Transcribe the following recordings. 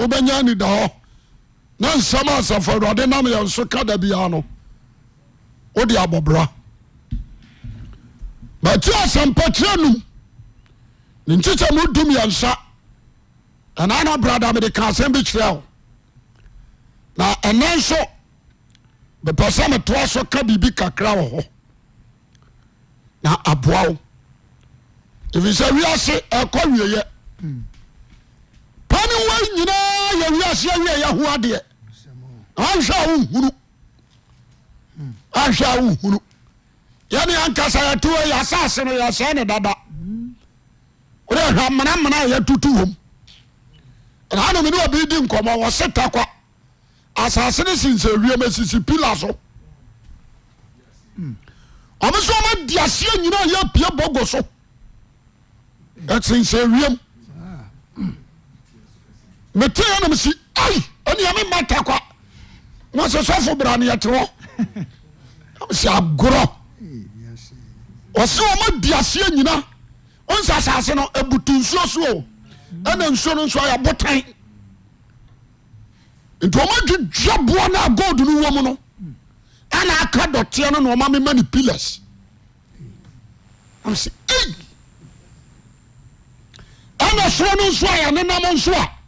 wobɛnya nida hɔ na nsɛm asafawurde nam yɛnso ka da biaa no wode abbra batuasɛmpakyerɛ num ne nkyikyɛ modum yɛnsa ɛna na brada mede ka asɛm bi kyerɛ wo na ɛne nso bɛpɛ sɛ metoa so ka biribi kakra wɔ hɔ na aboa wo ifi sɛ wiase ɛkɔ wieɛ hmm. ɔne wa nyinaa yɛwiaseɛ wiɛ yɛho adeɛ anhwɛ a wohunu anhwɛ a wohunu yɛne ankasa yɛtewa yɛ asase no ne dada wode hwɛ menamena a yɛtutu wom ɛnanom ne wabɛdi nkɔmmɔ wɔse takwa asase no sensɛ wiem asisi pila so ɔmo so ɔma di aseɛ nyinaa yɛapia bɔgo so ɛsensɛ wiem mete nems ɔneamema takwa wasɛ sɛfo braneɛtehɔ s agorɔ ɔsɛ ɔma biaseɛ nyina ɔnsɛ sase no abuto nsuosuo ɛna nsuo no nsayɛbota nti ɔmadwidua boa no agold no wa mu no ana ka dɔteɛ no naɔmamemanepilas ɛna soo no nsoayɛne nam nso a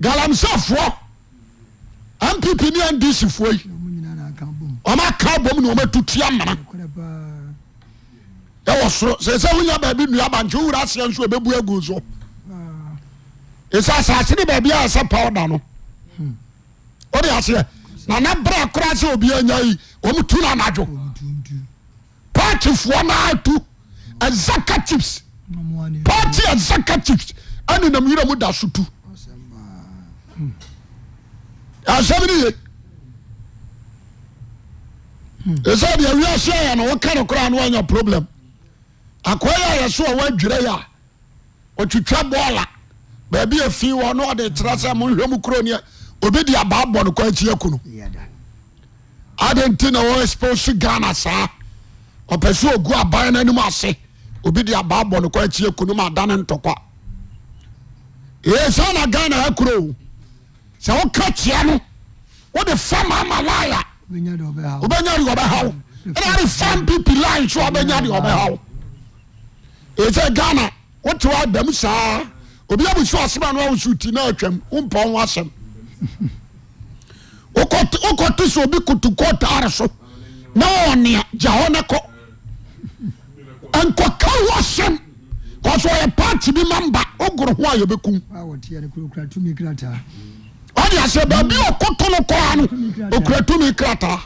gasɛfoɔ pepine ande sifi maka bomne mttamana wɔ sor sɛɛsɛ ya baabi narsɛɛ ɛsɛsase ne baabi asɛ pada no eɛarɛrasɛiyai mtnoanawo paatifoɔ nat aaka cipspa aaka cips anenweramudasot asɛm ne ye ɛsɛ hmm. deɛ wiase aya na woka no koraa no wanya problem akoa yɛ ayɛ so a woadwerɛ yɛ a ɔtwitwa bɔɔla baabi efi fi wɔ no ɔde kyerɛ sɛ monhwɛ mu kuro neɛ obi de abaa bɔ no kwan akyi aku no nti na wɔn expose Ghana saa ɔpɛ ogu aban no anim ase obi de abaa bɔ no kwan akyi aku no ma adane ntɔkwa ɛyɛ saa na Ghana akuro o sɛ woka kyea no wode fa maama laya wobɛnya de ɔbɛhaw ɛne ade fa mpipi line so wobɛnya de ɔbɛhaw ɛsɛ ghana wote wadam saa obi abusu asɛm a no awosu ti na atwam wompa wo asɛm wokɔte sɛ obi kotukɔtaare so na wɔnea gya hɔ no kɔ nkɔka wo asɛm kɔsɛ ɔyɛ party bi mamba wogoro ho a yɛbɛkum adeasɛ babi ɔkoto no kɔa noo ura tumi kra taa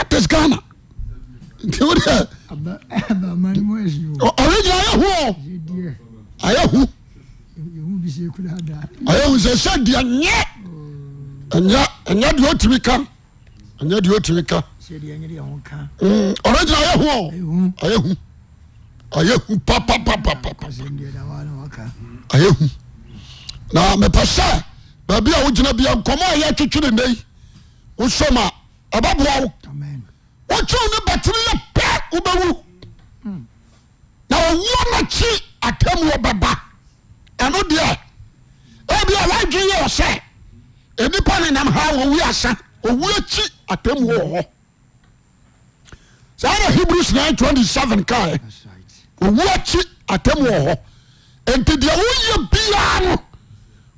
ateskana oregina yahu ayahuyɛhu sɛ sɛ deɛ nyɛ ɛnyɛ de otimi ka ɛyɛ detimi ka regina yahyhu pah mɛpɛsɛ baabi a wogyina bia nkɔmɔ a yɛatwitwere nna yi wosom a ɛbɛboa wo wotwew ne bɛtene yɛ pɛ wobɛwu na ɔwuo nakyi atamuɔ bɛba ɛno deɛ ebia wadwe yɛ ɔsɛ enipa ne nam ha owu asa owu akyi atamuɔ wɔ hɔ saa na hebrews nine twenty seven kae owu akyi atamuɔ wɔ hɔ nti deɛ woyɛ biara no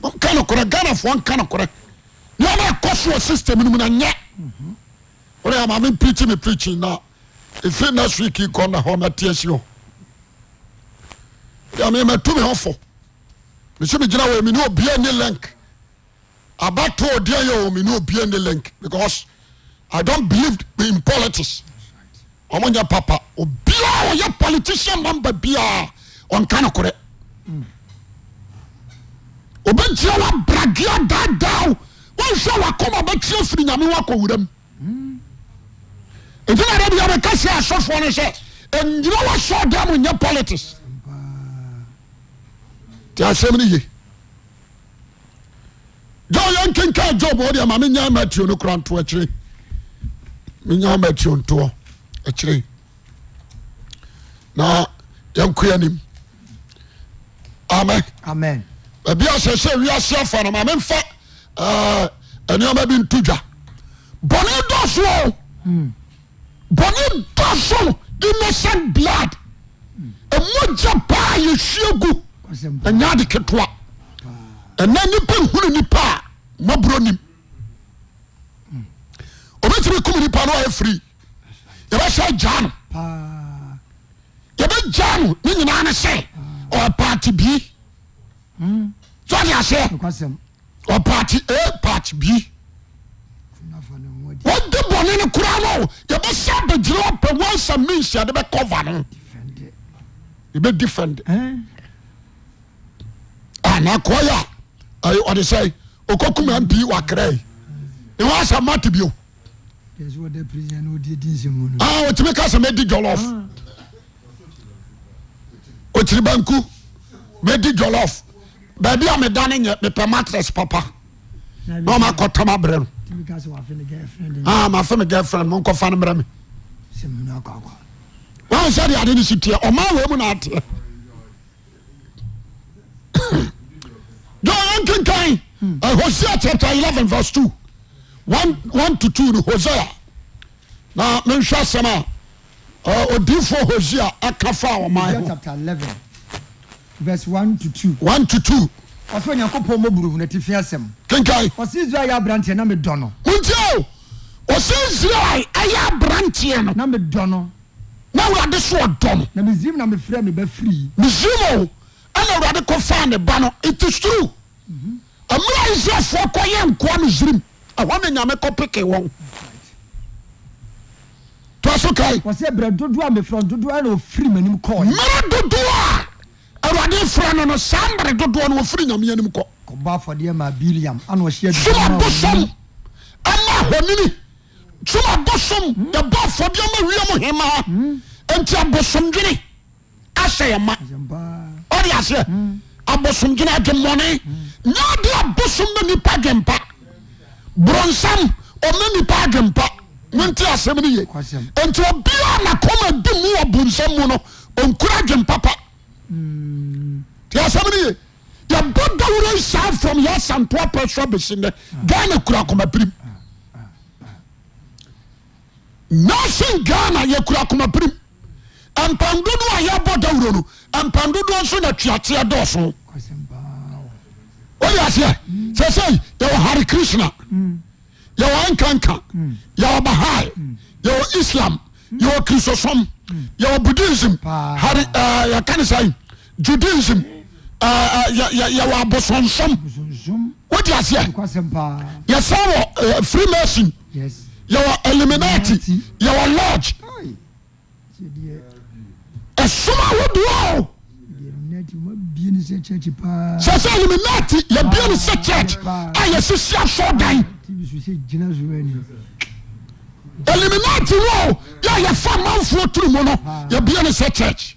nka no korɛ ghanafoɔ nka no korɛ nneɛma ɛkɔ so wɔ system no mu na nyɛ wọ́n yà maame preaching me preaching na efi next week kọ́ na hɔ mɛti ɛsi hɔ yàmi mɛ tu mi hɔ fɔ misi mi gyina wɔ mi ni obiɛ ni link abato odiɛ yɛ wɔ mi ni obiɛ ni link because I don't believe in politics ɔmo nyɛ papa obiara ɔyɛ politician member biara ɔnka no korɛ. Mm obɛgyea woabradea daadao wonhwɛ wakoma bɛkyea firi nyame woakɔwuram nti na arabia bɛka sɛ asɔfoɔ no sɛ ɛnyina wɔsɛ da mu nyɛ politics nti asɛm no ye gya yɛ nkenka job wɔ deɛ ma menya matio no kora ntoɔ akyire menya matio ntoɔ akyire na yɛnkɔ anim amen amen abiasɛ sɛ wiaseɛ fɔ no mamemfa aneama eh, bi ntodwa bɔndɔ s bɔn dɔ so imɛsen blood amuagya paa yɛhia gu anya deketoa ɛna nipa hune nipa a maborɔ nim ɔmɛtiimikome nipa no aɛfirii yɛbɛsɛ gya no yɛbɛga no ne nyinaa ne sɛ ɔpatebii sọni aseɛ ɔpaati a paati b wọ́n di bọ̀nì ni kura náà yẹ bẹ sẹ́ abẹ́jìrì ọ̀pẹ wọ́n sẹ́ mí nsì ẹ̀ bẹ kọ́va ni yẹ bẹ difẹ̀ndì àná kọ́ yà ọ̀dẹ sẹ́yìn okokun mi bi wà kẹrẹ́ yìí ni wọ́n asẹ́ mọ́tì bi o. aa ah, o ti mi ká sẹ́ mi di jọlọ́f ah. o tiri banku mi di jọlọ́f. baabia medane yɛ mepɛ matres papa na maktama berɛ nmafe me gilfriend mkɔfanrmeɛdemn hosia chap 11 v2 1o2 n hosia mɛsɛma dif hoseakafa verse one to two. one to two. ɔfɛ nyankopɔn mo burubu na ti fi asɛm. kinkai. ɔsi israel yɛ aberanteɛ na mi dɔn no. nti o ɔsi israel ɛyɛ aberanteɛ no. na mi dɔn no. na awurade so ɔdɔn no. na misiri na mi fira mi bɛ firi. misiri o ɛna awurade kɔ fa ne ba no it is true. Mhm. ɛmira israelfoɔ kɔ yɛ nkoa misiri ɛhɔ na nyame kɔ peke wɔn. tɔ so kae. wɔsi ɛbrɛ dodoɔ a mi fura dodoɔ ɛna ofiri mɛnim kɔɔ. mmerɛ dodoɔ a. defra no no sambere dodɔ noɔfiri nyameanimaboso amahɔnini aboso abafɔdemawim ema nti abosomdwene asɛɛmaɛ abosomgyene ademɔne nade abosom ne nipa dempa bronsa ɔmanipa adwempa nti asɛminy ntioinaimbonsamu nnuro adwempapa t asɛmineye yɛbɔ dawur san from yɛsamoapɛsabɛsmɛ hnakra a pir nasonghanayɛraa piri mpnɔayɛɔapnaateɛɛ sɛsɛ yɛwɔ hare krisina yɛwnkanka ɛwbaha wɔislam wrisoso bdismas judaism yɛwɔ abosonsom wodiaseɛ yɛsan wɔ fremersin yɛwɔ iliminaate yɛwɔ lodg ɔsom a wodoɔo sɛ sɛ aliminat yɛbieno sɛ cherch a yɛsesia so dan eliminate mo yɛyɛfa manfoɔ turumu no yɛbi no sɛ church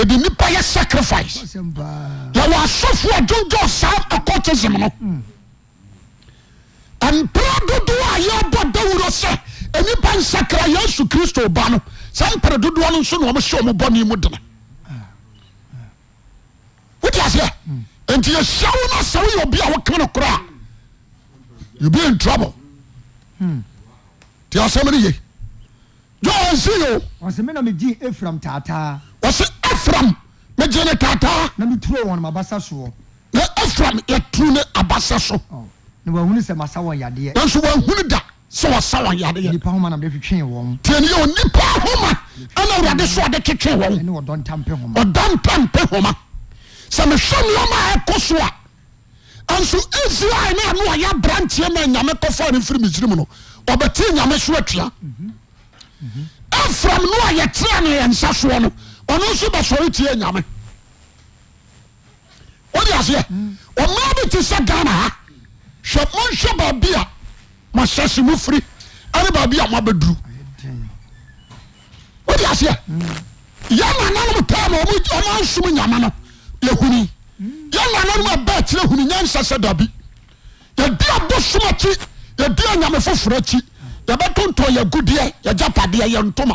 ɛdi nnipa yɛ sacrifice yɛwɔ asofoɔ dwonu saa acotism no mprɛ dodoɔ a yɛbɔ dawuro sɛ anipa nsakra yesu kristo ba no sa mprɛdodoɔ no nsonaɔmsyɛ mbɔ nemu dena wotase nti yɛsiɛwo no asawoyɛbi a woka no koraa ob in trouble ntisɛmno yei si efram megye ne taataa na meturo wɔn mabasa soɔ na efram yɛturu ne abasa so na wahunu sɛ masa wɔ yadeɛ nanso wahunu da sɛ wɔsa wɔ yadeɛ nipa homa na mede twetwee wɔn tiɛni yɛ onipa homa ɛna awurade so ɔde twetwee wɔn ɛne ɔdɔ ntampe homa ɔdɔ ntampe homa sɛ mehwɛ nneɔma a ɛkɔ so a nso israel na ano ɔyɛ aberanteɛ ma nyame kɔfa ne mfiri misirim no ɔbɛte nyame so atua mhm. mhm. efram no a yɛtea no yɛ nsa soɔ no ɔno nso bɛsɔre tie nyame wode aseɛ ɔma bi te sɛ ghana ha hwɛ monhwɛ baabi a masɛse mu firi ɛne baabi a moabɛduru wode aseɛ yɛma nanom taa ma ɔma nsom nyame no yɛhuni yɛma nanom ɛba akyerɛ huni nyansa sɛ dabi yɛdi abosom akyi yɛdi anyame foforɔ akyi yɛbɛtontɔ yɛgudeɛ yɛgya padeɛ yɛntoma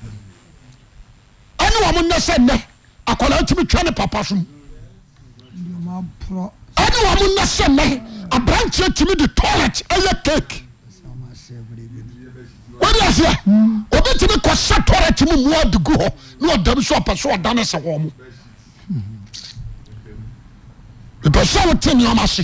ɛne wa mo nɛ sɛ nnɛ akalaa timi twɛ ne papa so m ɛne wa mo nɛ sɛ nnɛ abranteɛ timi de toilet ɛwɛ cak wedeaseɛ obɛtimi kɔsɛ toiret mo moa adugo hɔ ne ɔdamu so ɔpɛ so wɔdane sɛ hɔ mo bekause sɛ wo teneoma se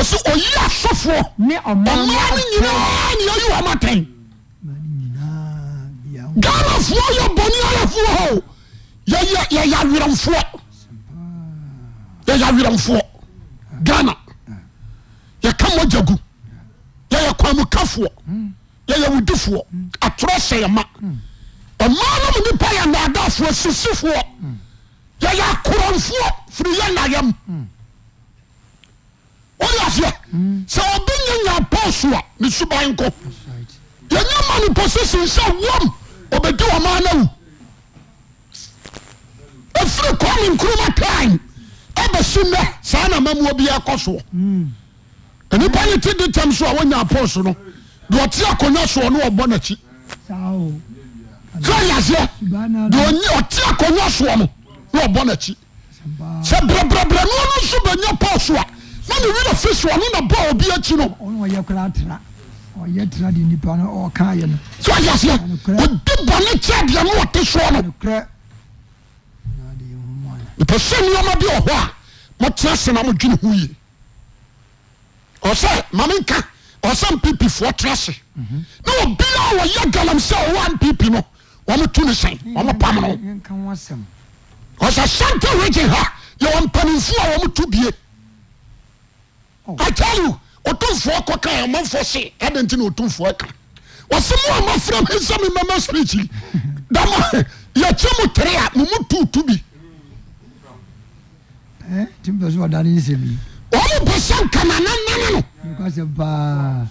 yi asofoɔ a n yinaa neyɛihmatan ghanafoɔ yɛbɔneafoɔ h ɛɛmɔɛyɛ wermfoɔ ghana yɛkamɔ ya gu yɛyɛ koramukafoɔ yɛyɛwdifoɔ atrɔhyɛ yɛma ɔma nomu ne pa yɛnaadafoɔ sisifoɔ yɛyɛ akoramfoɔ firiyɛ nayɛm oyeaseɛ sɛ obenye yaposoa ne suba nko yenyama ne poseson sɛ o obedemanu fri ko nnkroma tm asinsanmamuasnd errry mene redofise one naba biki no oe bɔne kadamtes no psɛ nuoma bi ho motera sena mo ere hoy se mameka sampipi foo trase n obi wyɛ galam sɛ wmpipi mhm. no ometu no sea s sante ge ha ympanmfuwmbe I tell you otumfoɔ kɔ ka amanfoɔ se adan ti na otumfoɔ ka wɔsi mu a ma fira mi nsa mi mama speech yi dama yɛkye mu tere a mo mu tuutu bi. ɛ tí n bɛ sɔn ɔdan ni sɛ mi. wɔn mu bɛ sɛ nkana nanana no. nka sɛ paa.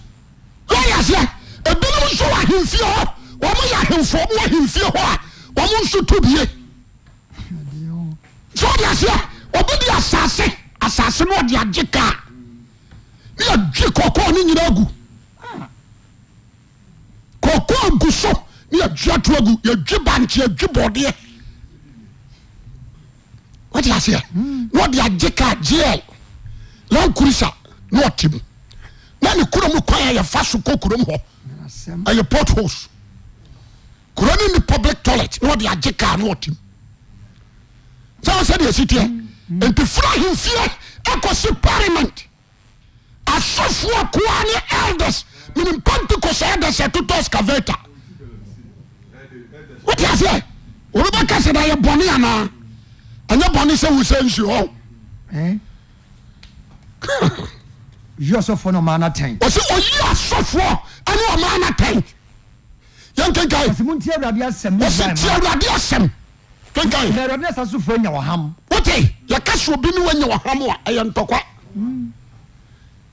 wɔn yà sɛ ebinom nso wɔ ahemfie hɔ wɔn yɛ ahemfo wɔn wɔ ahemfie hɔ a wɔn nso tu bie. sɔ aseɛ ɔbɛ di asase asase na ɔde agye kaa. nead kɔk ne yina gu kk gu so ne adato agu yɛdw bantadw bɔdeɛd yka gl lankrisa netm nane korom k yɛfa so kokrom hɔ ayɛ port horse kronine public toilet n d ayeka nt sfsɛdesɛ mm. nfahmfi ecosypariment asfoɔ koane lders mnpanticosadesɛtts cavetawotiasɛ orebɛkase da ayɛ bɔne anaa anyɛ bɔne sɛ wo sansiɔoyi eh? asfoɔ neɔma na tan yɛt wrade asɛm wote yɛkasobino wanya hama ɛyɛntɔka mm.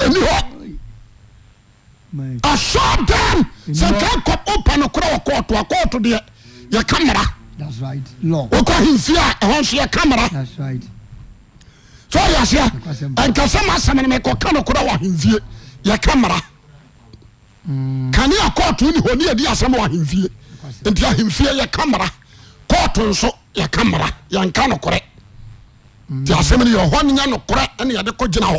ɛnih asn sɛkaopanokorɛ ktakt deɛ yɛkammara hemfie a hs yɛkamara so ysiɛ nkasɛm asm nmkkanokɛwahemie ɛkamara mm. kaneakt ni hnadasmhie ntihemieyɛkamra kt nso yɛkamr yɛnka nokrɛ mm. nti asmnyɛ hnya nokorɛ neyɛde kɔgyina hɔ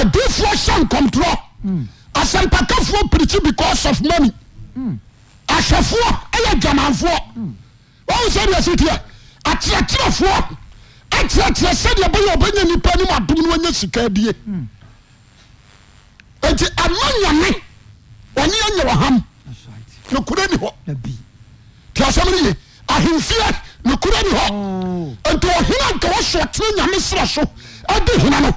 adifoɔ hyɛ nkontorɔ hmm. asɛmpakafoɔ pirikyi because of money hmm. ahwɛfoɔ ɛyɛ dwamanfoɔ hmm. wɔn sɛ deɛ si teɛ akyerɛkyerɛfoɔ akyerɛkyerɛ sɛdeɛ bɛyɛ ɔbɛnya nipa anim adum no wanya sika die eti ama nyame wɔne anya wɔ ham nokura ni hɔ te asɛm no ye ahemfie nokura ni hɔ oh. nti ɔhene anka wɔsoɔ tene nyame serɛ so ade hena no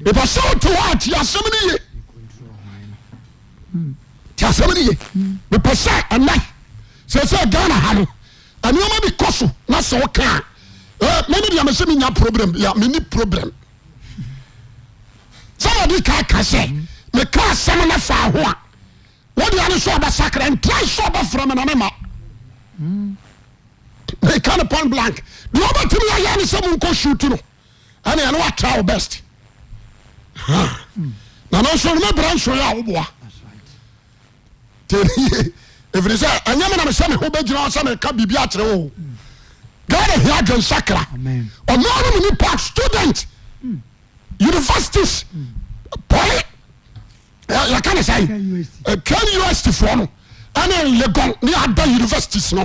eset semnyesemnyeepse n see an hao nma bi koso neseo kameneese menya problem meni problem skkase ekrasem ne faho seara n sefreenema kanoblank batimi aye se mu k sto nnwatao best nanenso wone bransoeɛ a woboa t ifri sɛ ɛyɛ manamsɛmeho bɛgyina sɛmeka birbia akyerɛ woo gaɛ hia adwensakra ɔma no mene pa student universities poly yɛka ne sae kan ust eh, foɔ no ɛne legon ne yada universities no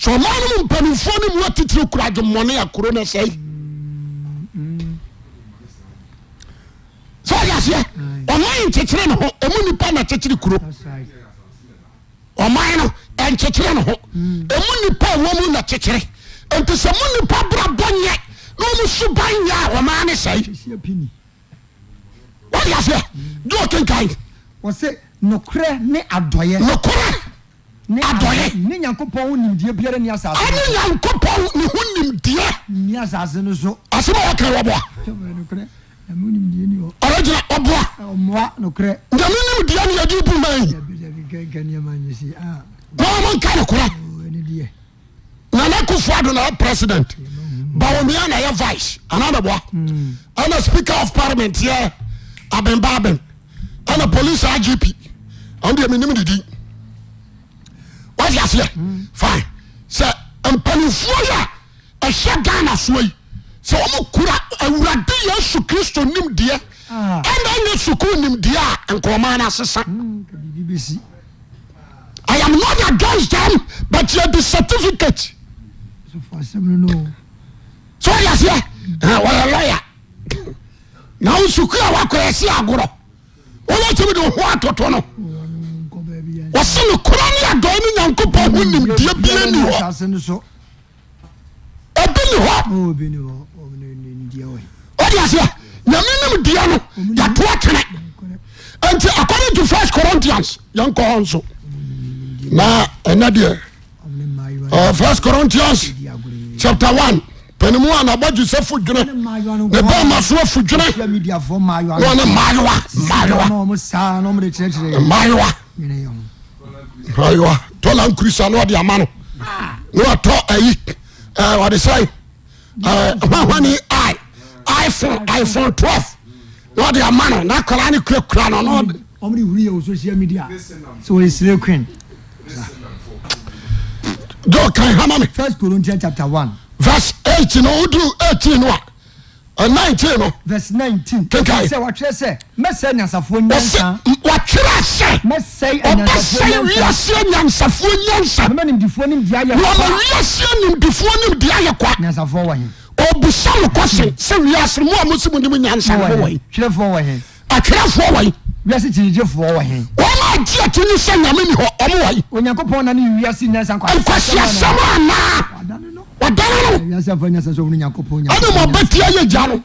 sɛ ɔma nom mpanimfoɔ no mu atitiri kora adwemmɔne akuro no sɛi sɛ ɔyaseɛ ɔman nkyekyere ne ho ɛmu nipa na kyekyere kuro ɔman no ɛnkyekyere ne ho ɛmu nipa ɛwɔ mu na kyekyere nti sɛ mu nipa brabɔ nyɛ na ɔmu so ban nyɛ a ɔman ne sɛi wɔde aseɛ de ɔkenkan wɔsɛ nokorɛ ne adɔyɛ nokorɛ nyankp onidɛmewke nnimdnedibmakankr nnekofoadona president banyɛvicenspeker hmm. of paentyapolceg ɛsɛ mpanifuoyi a ɛhyɛ gana suayi sɛ wome kra wuradi yesu kristo nimdeɛ dɛ ah. nɛ sukuu nimdeɛ a nkɔɔmanosesan hmm, iam noagansa butɛde certificate sɛ yaseɛ nasukuua wakɛseɛ agorɔ ɔnekimide ho toto no hmm. wɔsi ne kura ne adɔe ne nyankopɔn ho nimdeɛ bia ni hɔ obi ni hɔ ɔde aseɛ nyame nimdeɛ no yɛtoa twene nti according to first corinthians yɛnkɔ hɔ nso na ɛnɛ deɛ first corinthians chapter one panimu a nabɔdwe sɛ fo dwene ne bɛ ma soa fo dwene ne ɔne maayewa maayewa maayewa ayiwa tọ́lá nkurisa ni wọ́n ama no ni wọ́n tọ́ ayi ẹ wọ́n di sẹ́yìn ẹ hwahwa ni i iphone ni wọ́n ama no na kọ́lá ni kura kura no. ọmọ ni wuli yẹ o social media so o ye sire queen. jọ kan hama mi. first Corinthians chapter one. verse eighteen o duru eighteen wa. Uh, nineteen no. verse nineteen. kankan yi sɛ sɛ mɛsɛe nyansafoɔ nyansa. wɔtwerɛ sɛ. mɛsɛe nyansafoɔ nyansa. ɔbɛsɛe wiase nyansafoɔ nyansa. mɛmɛ nimdifoɔ nim di ayɛ kwa. wɔmɛ wiase nimdifoɔ nim di ayɛ kwa. nyansafoɔ wɔ hin. obusa kɔsi sɛ wiase mu a mo si mu ni mu nyansafoɔ wɔ hin. twerɛfoɔ wɔ hin. atwerɛfoɔ wɔ hin. wiase kyinigyefoɔ wɔ hin. wɔn a di akyi ni sɛ nyame ni hɔ ɔmo wɔ hin. onyankopɔn na ni wiase nyansa nkɔ wadara no ɛne ma ɔbɛtia yɛ gya no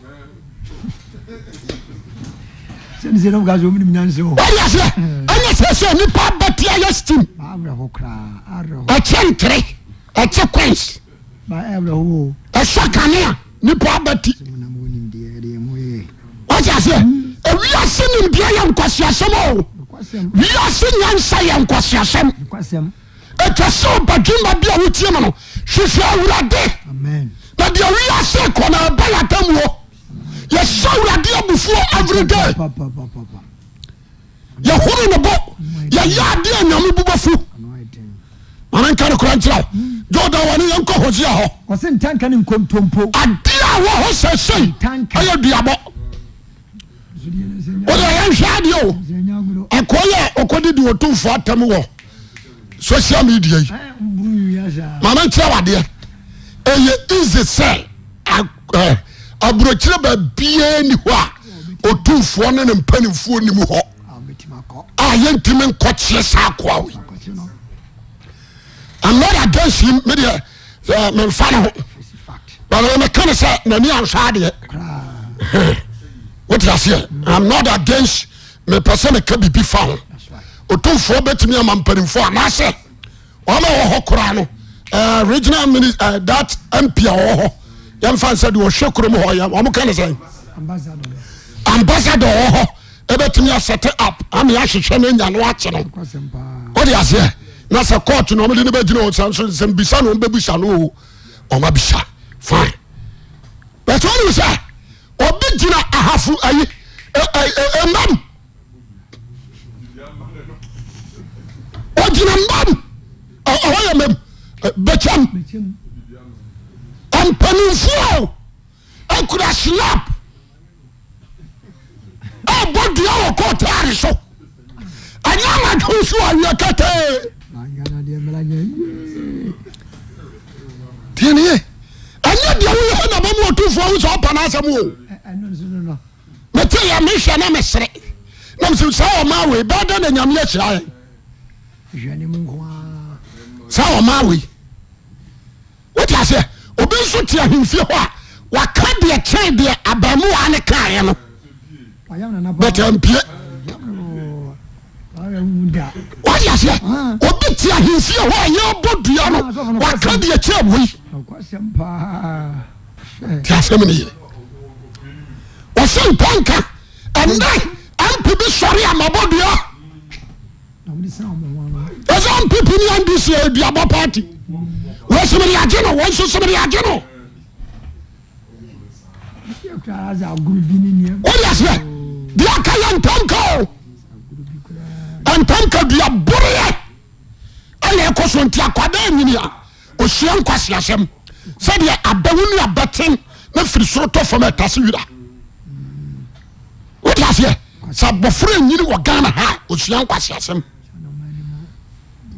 wode aseɛ ɛnyɛ sɛ sɛ nipa bɛtia yɛ stim ɛkyɛ ntere ɛkyɛ quins ɛhyɛ kanea nipa abɛti wode aseɛ ewiase nimdeɛ yɛ nkɔsiasɛm o wiase nyansa yɛ nkɔsiasɛm kyɛ sɛ badwuma bi a wotie mu no hwehwɛ awurade na deɛ woyɛ ase kɔ na ɛba yɛatam wɔ yɛhyɛ awurade abufuo everyday yɛhoro ne bo yɛyɛ ade a nyame bubɔfu ɔne nka ne kora nkyerɛ jordan wɔne yɛnkɔ hosea hɔ ade a wɔ hɔ sɛ sei ɛyɛ duabɔ wode yɛnhwɛ adeɛ o ɛkɔ yɛ ɔkɔde de wɔtomfoɔ atam wɔ social media mamakyerɛ wadeɛ ɛyɛ es sɛ abrkyerɛ babiani hɔ tomfoɔ ne ne panfoɔ nm h yɛntim nkkeɛ sa kɛɛɛka f ɔtomfoɔ bɛtumi ama mpanimfoɔ anaasɛ ɔma wɔ hɔ koraa no eh, regional minister eh, that mp a wɔ hɔ yɛmfa nsɛ deɛ ɔhwɛ kurom hɔ ɔmo ka ne sɛ ambassador wɔ hɔ ɛbɛtumi asɛte up ama yɛahwehwɛ no anya no akye no wode aseɛ na sɛ court no ɔmode no bɛgyina ɔ sa nso sɛ mbisa no ɔmbɛbusa no o ɔma bisa fine bɛtɛ ɔnem sɛ ɔbɛ gyina ahafo ayi eh, ɛnam enabam yama bekam ampanomfuo akura slap abodua wo kotaare so anya ma twosowawiakete nye anya dawonamamtfuwosewopanesɛmo meteye mehɛ ne mesere nam sa oma we badana nyameyasra saa ɔma wei wote aseɛ obi nso te ahemfie hɔ a waka deɛ kyɛn deɛ abamuwa ne kaeɛ no but ampie wode aseɛ obi te ahemfie hɔ a yɛbɔ dua no waka deɛ kyɛn wei te asɛm ne yere ɔse mpa nka ɛnɛ ampe bi sɔre amabɔ dua esanpipini and se duabɔ pat smere no smr nosɛ akayɛ mmkomk daoree e sntiawa ynia sa n sasm sd aawonu at ma firi soro o fam ws sforoyini ha sa ssm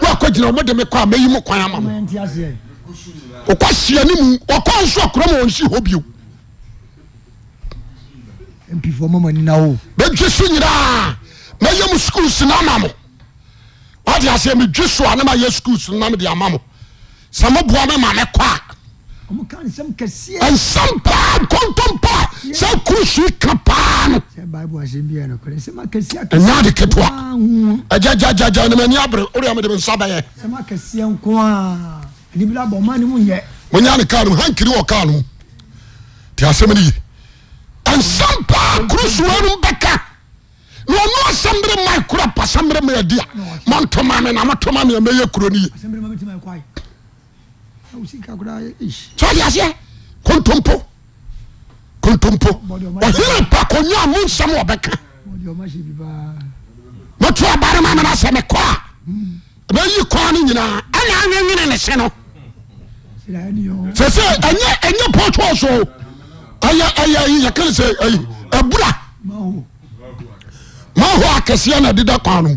wakɔ gyina ɔmode me kɔ a mɛyi mo kwan ama me wokɔ hyia ne mu wɔkɔ nso akora ma wɔnsi hɔ bio bɛdwe so nyinaa mɛyɛ mo skul so no ama mo wade aseɛ medwe so a ne mayɛ skul so no na mo sɛ moboa me ma mɛkɔ a nsam pa kontom pa se krosui ka panjanbykaakirikasemnye nsam pa krosuru beka ne sembrema kropa smbremdi mtyeko todeaseɛ komtompo kotopo oherepa konwaa mo nsɛm ɔbɛka mɛto abare ma mana sɛ mekɔ a mɛyi koa no nyinaa anaawe wene ne se no sɛsɛ ɛyɛ poɛ tuɔ so yɛyi yɛkene sɛ abra maho akɛsiɛ na adeda koa nom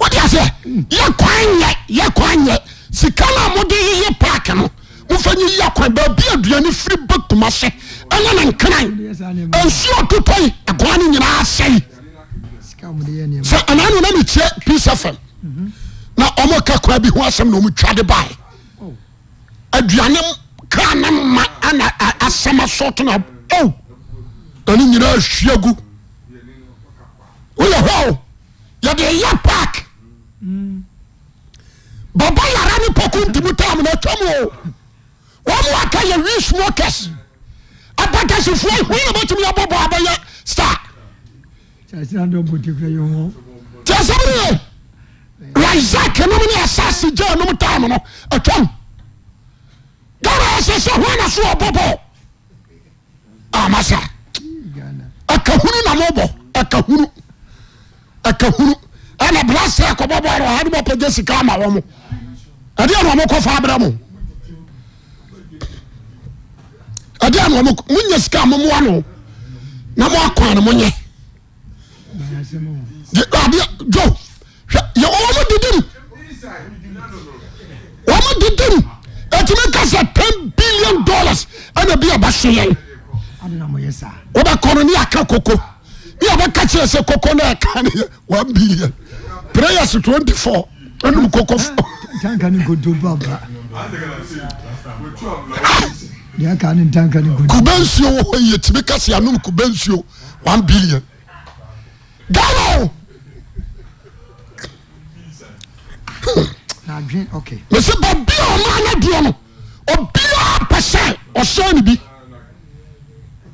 wodeasɛ yɛ kwan yɛyɛ kwn yɛ sika na mode yeye park no mofanye yɛ kwan baabi aduane firi batumasɛ ɛnane kra nsuɔtpɔi koa no nyinaa sɛi sɛ anaa nonametiɛ pisa fam na ɔmɔ ka kora bi ho asɛmnomtwade ba oh. aduane ka ne ma anaasɛm soton ane nyinaa ha gu woyɛ h yɛde yɛ park baba yaran pokuntimu tamno tom omwakaya esmoes abatasfuahmatimiyabobobya sta tasemiree risak nomne asasejanom tamno atom e garsese hona soobobo amasa akahuru e namobo aarakahur e ɛna blase kɔbɔbɔ yɛrɛ ɔhadi bɔ pɛgye sika ama wɔn ɛdi yɛn wɔn kɔ fa abirɛ mu ɛdi yɛn wɔn mu nya sika mu mu ano na mu akɔ ano mu nyɛ adi jo yɛ wɔn mu didi mu wɔn mu didi mu ɛtumi kasa ten billion dollars ɛna bi a ba se yɛn wɔn bɛ kɔnɔ ni aka koko bí a bɛ ka kyerɛ sɛ koko náà kan ni one billion prayers twenty four ɛnum koko fo. tanka ni koto ba ba. deɛ ka ni tanka ni koto. kube nsuo wɔ hɔ yie tìmi kasi anum kube nsuo one billion ghana o. mesi bɔ bi a ɔmo anaduo no obiara pɛsɛ ɔsɛn ni bi.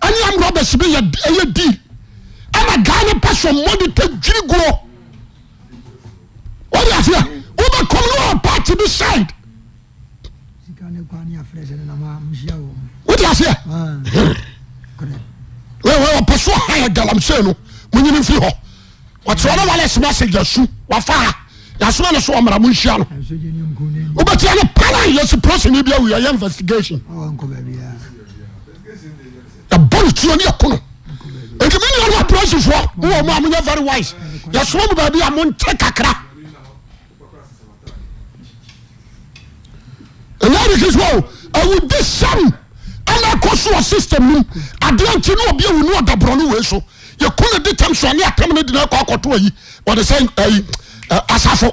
aneamrobesbiye di ama gane ah. pa so modeteirigo obnpatebi sidewoseposogalamsen muyeni fi h tenewal somase yasu a ysomanesoramonsia no obatne panyesiprsenbyeinvestigation ɛbɔ ne tuo ne ɛkono nti mene ɔno aprosefoɔ wowɔ mu a monyɛ very wise yɛsoma mu baabi a monte kakra ɛnyɛ de kristo o awudi sam ɛna ɛkɔ so wɔ system no adeɛ nkye ne ɔbi awu ne ɔdaborɔno wei so yɛko ne di tam so ane atam no de no akɔ akɔto ayi wɔde sɛ ayi asafo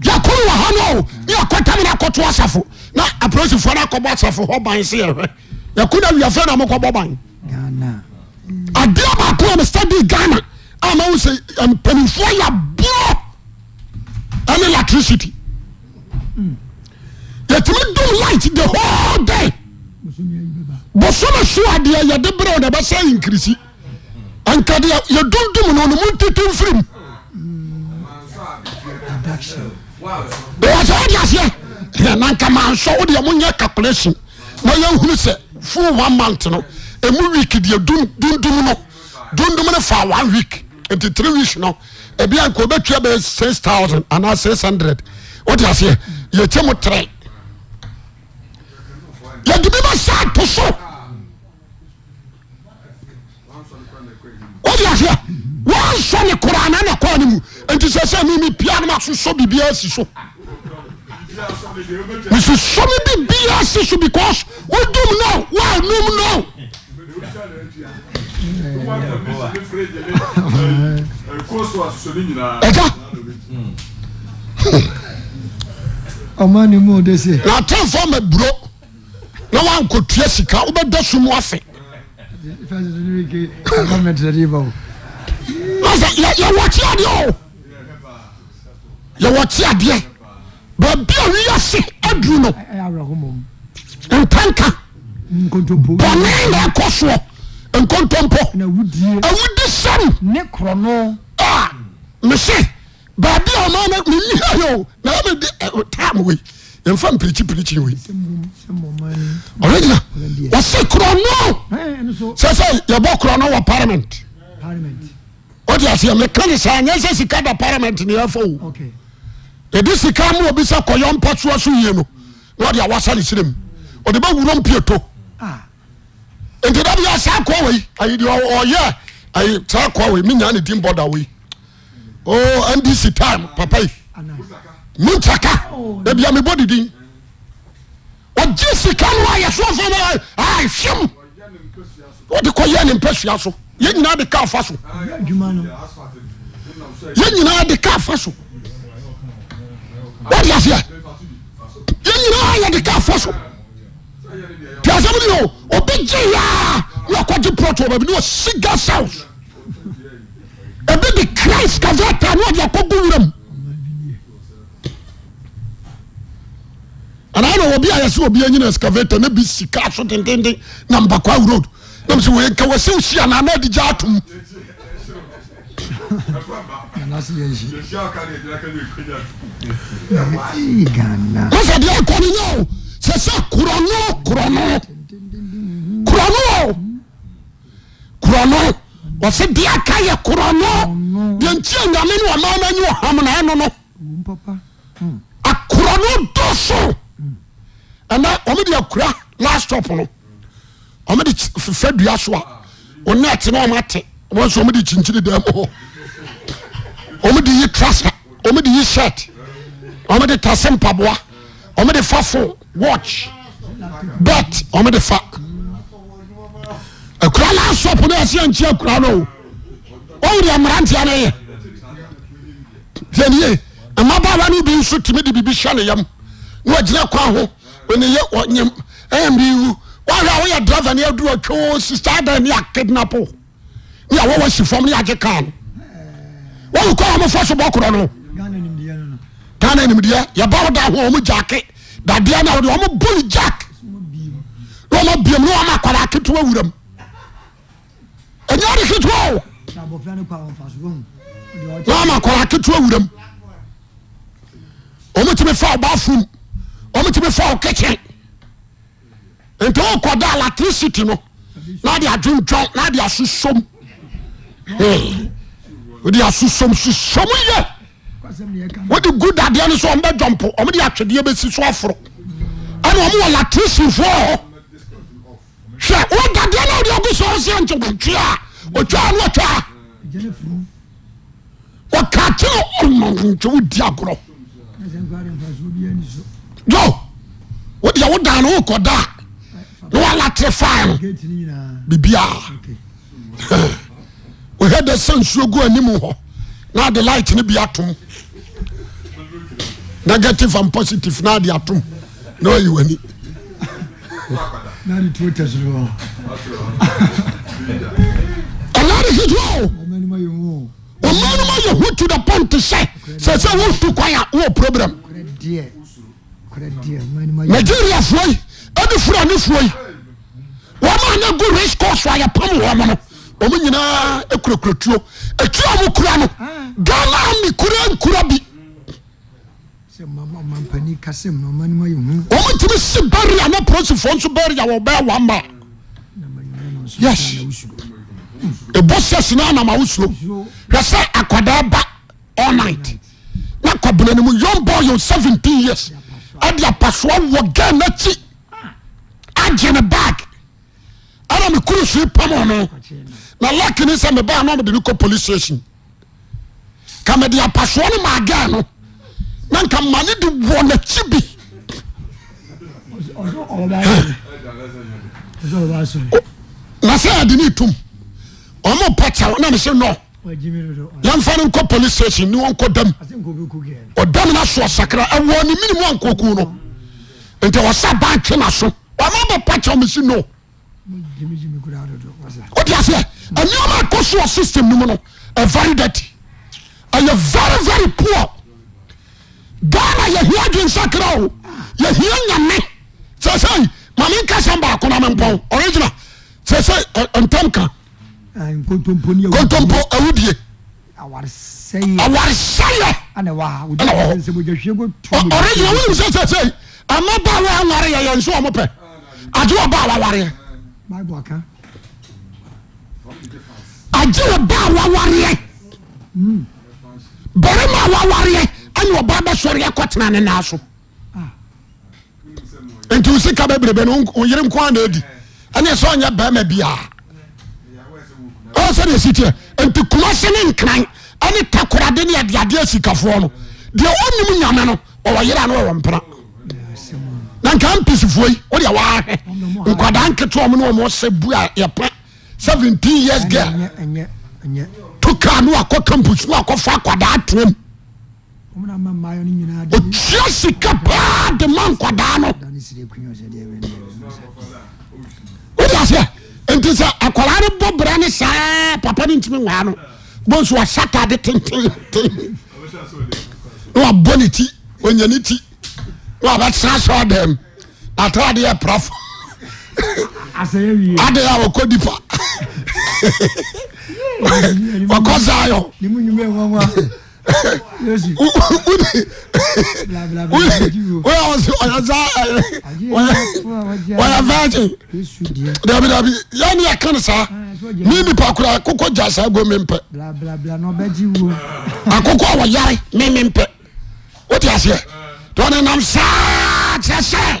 yɛko no wɔ ha no o ne akɔtam no akɔto asafo na aprosefoɔ no akɔbɔ asafo hɔ ban se yɛhwɛ Yakuna wiafrɛ na mokɔbɔ ban adeɛ baako a mestadi ghana ama wo sɛ ya yɛborɔ ɛne electricity yɛtumi dom light the whole day bosome so adeɛ yɛde berɛ na ɛbɛsɛ nkirisi anka deɛ yɛdondom no no mu ntete mfirim ɛwɔ sɛ wode aseɛ nanka mansɔ wodeɛ monyɛ calculation na yɛhunu sɛ full one month no emu week deɛ dundum no dundum no fa one week nti three weeks no ebi anko o bɛ tia bɛ six thousand anaa six hundred o ti aseɛ yɛ kyɛ mu tere yɛ dibi ma sa ato so o ti aseɛ wɔn sɔ ne koraa na ne kɔɔ ne mu nti sɛ sɛ mi mi pia ne ma soso bibi esi so. Ah. mesusom bi bia se so because wodum no woanom no ɛka ɔma ne mu de se na atamfo ma buro na woankotua sika Nous so mu afe yɛwɔte adeɛ o ti adeɛ baabi a wia se aduru no ntanka bɔne na ɛkɔ soɔ nkontompo awudi sɛm ne korɔno a mese baabi a ɔma no menyiayɛ o na wamɛdi tam wei yɛmfa mpirikyipirikyi wei ɔregyina wɔse korɔno sɛ sɛ yɛbɔ korɔno wɔ parliament wode aseɛ meka ne saa nyɛ sɛ sika da parliament ne yɛfa o ɛde sika ma obi sɛ kɔyɔ mpa so yie no na ɔde awasa ne serem ɔde bɛwuro mpieto nti da bia saa kɔ wei ayideɛ ɔyɛ ayi saa kɔ wei menya ne din bɔda wei oh ndc time papa yi muntaka ebi ami bɔ didi ɔgye sika no ayɛ so ɔfɔ mo ayi fiam ɔde kɔ yɛ ne mpɛsua so yɛn nyinaa de kaa fa so yɛn nyinaa de kaa fa so. deas yeyinaye dekafo so piasɛ mn obegyeyaa neakɔgye protbne asigasos ebide kra scaveta neya k weram anana wobi ayɛsɛ obiayina scaveta ne bi sika so dendende nambakoard mwasesinanadiyatom wọ́sọ̀ di akọni yẹn o sẹ̀sẹ̀ kurọ̀nù kurọ̀nù kurọ̀nù kurọ̀nù wọ́sọ̀ di aka yẹ kurọ̀nù yẹn ti yẹn nyame ni wọ́n máa ma nyi ọ̀ham náà ẹnu no akurọ̀nù dọ̀sọ̀ ẹ̀nà wọ́n di akura last stop no wọ́n di fẹ́ dua so a wọ́n ní ẹ̀tẹ̀ náà wọ́n ti wọ́n sọ wọ́n di kyinkyin dẹ́mu hɔ. omede ye tase mede ye shet mede tase mpaboa mede fa fo watch but medefaabso tmi de sanya inkdidnapse oa wọn kọ àwọn fọsọ bọ kura no ghana nimdeɛ yɛba woda ho ɔmo jaake dadeɛ na wode ɔmo bol jack na ɔma biam ne ɔma akwara aketewa wuram ɛnyɛ wode ketewa o na ɔma akwara aketewa wuram ɔmotumi fa wo bathroom ɔmotumi fa wo kitchen nti wokɔ da electricity no na de adwendwɔn na de asosom wode asosom susom yɛ wode gu dadeɛ no so ɔmbɛ dwɔmpo ɔmode atwedeɛ bɛsi so aforo ɛne ɔmowɔ latrisifoɔ hɔ hwɛ wo dadeɛ no wode ɔgu so ɔseɛ nkyewatwea ɔtwaa no ɔtwaa wɔka kye no ɔmanantwe wodi agorɔ jo wodeɛ woda no wokɔda a na woalatere faa no biribiaa ohɛda sanesuogu anim hɔ na ade light no bi atom negative and positive na ade ato n yɛw'ani ɛna de swouo ɔmanum ayɛ ho to th pont sɛ sɛ sɛ wohto kan a wowɔ problem nigeriafoi de fura ne fuoi ɔmaa ne gu rissayɛ amn ɔmo nyinaa kurakura tuo etuo ɔmo kura no ghana ni kura nkura bi. ɔmo tumi si barrier na polisifoɔ nso barrier wɔ bɛɛ wa mba yes ebo sɛsi na anam awusuo hwɛsɛ akwadaa ba all night na kwabena ne mu young boy yɛ seventeen years ɛde apasoa wɔ ghana akyi agye ne bag ɛna ne kuru so pam ɔno na lake ne sɛ mebaa na mede ne kɔ police station ka mede apasoɔ no maagaa no na nka ma ne de wɔ bi na sɛ ade ne tom ɔmo pɔtaw na mehyɛ nɔ yɛmfa no nkɔ police station ne wɔnkɔ dam ɔdam no asoɔ sakra ɛwɔ ne minimu ankoku no nti ɔsa baatwe na so ɔma bɛpɔtaw mesi no wode aseɛ anioma kosuwo system mumon a very derty aye very very poor dana ye hie ajensakiri o yehie yane seisei mamenkesemba konamepo origina siseintm kat ah, awudie awareseyeorigina weimsssei amabawewareyeye nsuo mo pe ajewo ba wawareye agye ɔba a wawareɛ barima a wawareɛ ɛne ɔba bɛsɔreɛ kɔtena ne naa so nti wo sika bɛbrebe no ɔyere nko a na adi ɛne sɛ ɔnyɛ barima biaa ɔwɔ sɛ ne ɛsiteɛ nti kuma se ne nkran ɛne takorade ne adeadeɛ asikafoɔ no deɛ ɔnim nyame no ɔwɔ yere a no ɔwɔ mpena na nka mpisifoɔ yi wodeɛ waahwɛ nkwadaa nketeɔm ne ɔmɔ sɛ bu a yɛpɛ s years ga toka no wakɔ campus ne akɔfa akwadaa tramu ɔtwea sika paa de ma nkwɔdaa no wodeasɛ enti sɛ akwara no bɔ berɛ ne saa papa no ntimi waa no bonus wasatade ten ne wabɔ ne ti ɔnyane ti ne wabɛsa sɛdem natarade yɛ prafo ade a wɔkɔ dipa wɔkɔ zayɔ wɔyɛ virgin dabi dabi yɛne yɛka no saa me nipa kora akokɔ gya saa go mempɛ akokɔ a wɔyare me mempɛ wote aseɛ tɔne nam saa kyerɛ sɛ